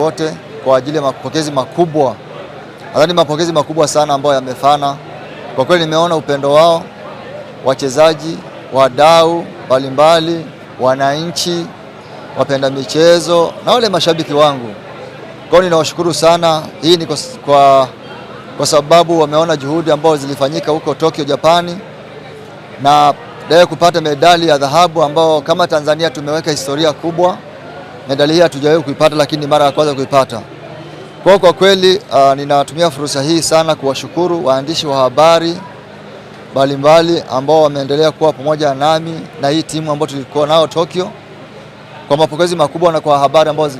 wote kwa ajili ya mapokezi makubwa, nadhani mapokezi makubwa sana ambayo yamefana kwa kweli. Nimeona upendo wao wachezaji, wadau mbalimbali, wananchi, wapenda michezo na wale mashabiki wangu. Kwa hiyo ninawashukuru sana. Hii ni kwa, kwa sababu wameona juhudi ambazo zilifanyika huko Tokyo Japani, na leo kupata medali ya dhahabu ambao kama Tanzania tumeweka historia kubwa. Medali hii hatujawahi kuipata, lakini mara ya kwanza kuipata. Kwa kwa kweli uh, ninatumia fursa hii sana kuwashukuru waandishi wa habari mbalimbali ambao wameendelea kuwa pamoja nami na hii timu ambayo tulikuwa nayo Tokyo, kwa mapokezi makubwa na kwa habari ambao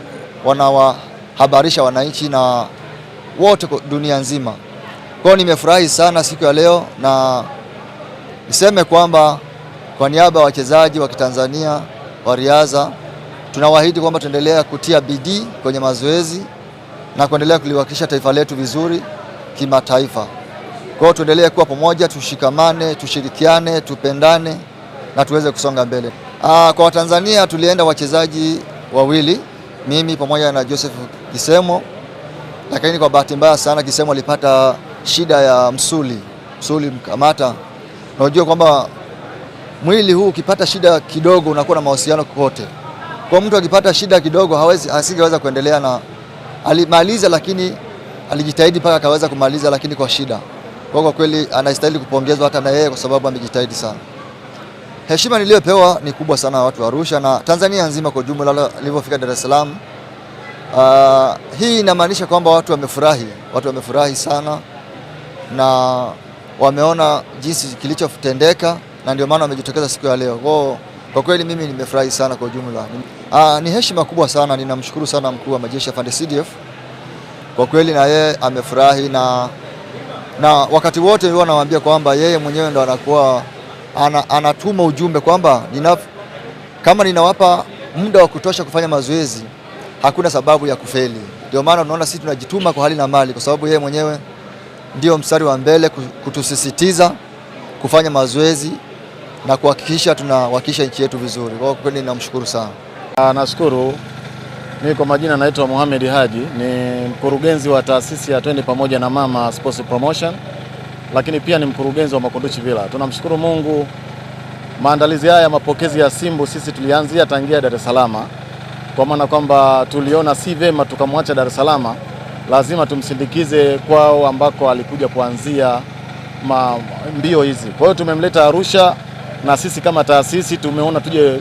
wanawahabarisha wananchi na wote dunia nzima. Kwao nimefurahi sana siku ya leo, na niseme kwamba kwa niaba ya wachezaji wa Kitanzania wa riadha Tunawaahidi kwamba tuendelea kutia bidii kwenye mazoezi na kuendelea kuliwakilisha taifa letu vizuri kimataifa. Kwa hiyo tuendelee kuwa pamoja, tushikamane, tushirikiane, tupendane na tuweze kusonga mbele. Aa, ah, kwa Watanzania tulienda wachezaji wawili, mimi pamoja na Joseph Kisemo, lakini kwa bahati mbaya sana Kisemo alipata shida ya msuli, msuli mkamata. Unajua kwamba mwili huu ukipata shida kidogo unakuwa na mahusiano kote kwa mtu akipata shida kidogo, hawezi asingeweza kuendelea na alimaliza, lakini alijitahidi mpaka akaweza kumaliza, lakini kwa shida. Kwa kwa kweli anastahili kupongezwa hata na yeye kwa sababu amejitahidi sana. Heshima niliyopewa ni kubwa sana watu wa Arusha na Tanzania nzima kwa jumla nilipofika Dar es Salaam. Uh, hii inamaanisha kwamba watu wamefurahi, watu wamefurahi sana na wameona jinsi kilichotendeka na ndio maana wamejitokeza siku ya leo. Kwa kwa kweli mimi nimefurahi sana kwa jumla. Aa, ah, ni heshima kubwa sana, ninamshukuru sana mkuu wa majeshi afande CDF kwa kweli, na yeye amefurahi na, na wakati wote huwa nawaambia kwamba yeye mwenyewe ndo anakuwa ana, anatuma ujumbe kwamba nina, kama ninawapa muda wa kutosha kufanya mazoezi hakuna sababu ya kufeli. Ndio maana unaona sisi tunajituma kwa hali na mali, kwa sababu yeye mwenyewe ndio mstari wa mbele kutusisitiza kufanya mazoezi na kuhakikisha tunawakisha nchi yetu vizuri. Kwa kweli ninamshukuru sana. Ah, nashukuru. Mimi kwa majina naitwa Mohamed Haji, ni mkurugenzi wa taasisi ya Twende Pamoja na Mama Sports Promotion, lakini pia ni mkurugenzi wa Makunduchi Villa. Tunamshukuru Mungu, maandalizi haya ya mapokezi ya Simbu sisi tulianzia tangia Dar es Salaam, kwa maana kwamba tuliona si vema tukamwacha Dar es Salaam, lazima tumsindikize kwao ambako alikuja kuanzia mbio hizi. Kwa hiyo tumemleta Arusha na sisi kama taasisi tumeona tuje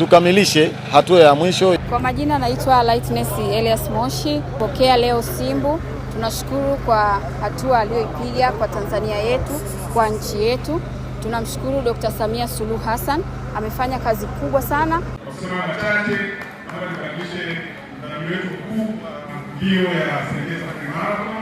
tukamilishe hatua ya mwisho. Kwa majina naitwa Lightness Elias Moshi, pokea leo Simbu. Tunashukuru kwa hatua aliyoipiga kwa Tanzania yetu, kwa nchi yetu. Tunamshukuru Dr. Samia Suluhu Hassan, amefanya kazi kubwa sana. kusema machache, wetu mkuu, mbio ya